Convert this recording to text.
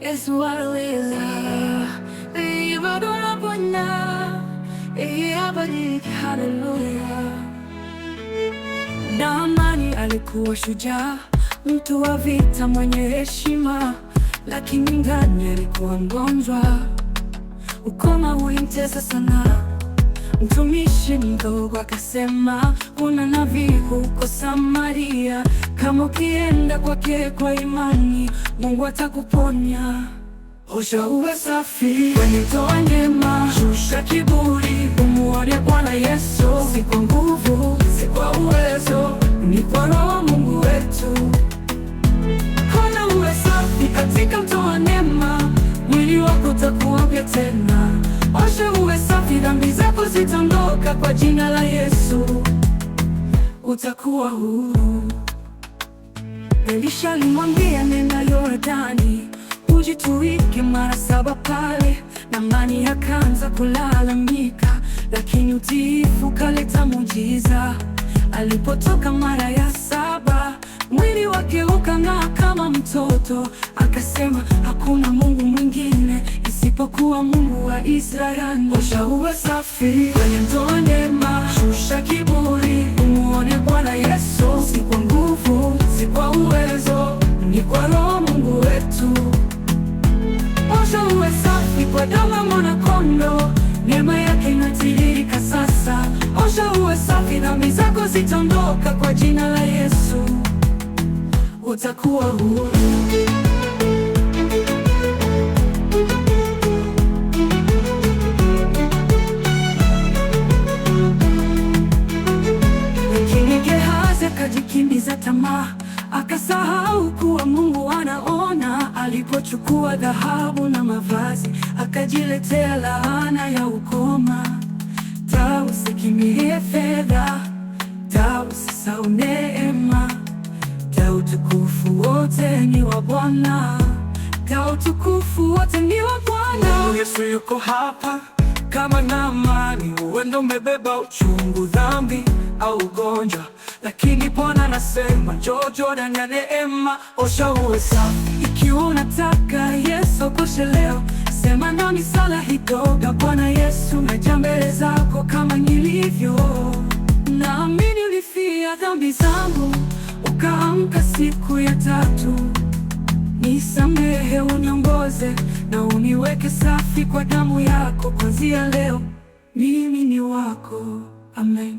Yesu alilia, ibada unapona, iyabadilike, haleluya. Naamani alikuwa shujaa, mtu wa vita mwenye heshima, lakini ngani alikuwa mgonjwa, ukoma ulimtesa sana. Mtumishi mdogo akasema, kuna nabii huko Samaria kama ukienda kwake kwa imani, Mungu atakuponya. Osha uwe safi, kwenye toa njema, shusha kiburi, umuone Bwana Yesu. Si kwa nguvu, si kwa uwezo, ni kwa Roho Mungu wetu. Kona uwe safi katika mtoa neema, mwili wako utakuwa mpya tena. Osha uwe safi, dhambi zako zitaondoka kwa jina la Yesu, utakuwa huru. Elisha alimwambia nenda Yordani ujituike mara saba pale. Naamani akaanza kulalamika, lakini utiifu kaleta muujiza. Alipotoka mara ya saba, mwili wake ukang'aa kama mtoto. Akasema hakuna Mungu mwingine isipokuwa Mungu wa Israeli. Osha uwe safi ni kwa Roho Mungu wetu. Osha uwe safi kwa damu ya Mwanakondoo, neema yake inatiririka sasa. Osha uwe safi, dhambi zako zitaondoka kwa jina la Yesu, utakuwa huru. Lakini Gehazi akajikimbiza tamaa Akasahau kuwa Mungu anaona. Alipochukua dhahabu na mavazi, akajiletea laana ya ukoma. Tau sikimie fedha, tau sisau neema, tau tukufu wote ni wa Bwana, tau tukufu wote ni wa Bwana. Yesu yuko hapa kama na amani, uwendo umebeba uchungu, dhambi au ugonjwa, lakini Bwana nasema jojo Jordani ya neema, osha uwe safi. Ikiwa unataka Yesu akoshe leo, sema nami sala hii dogo: Bwana Yesu, najaa mbele zako kama nilivyo, naamini ulifia dhambi zangu ukaamka siku ya tatu. Nisamehe, uniongoze na uniweke safi kwa damu yako. Kuanzia leo mimi ni wako. Amen.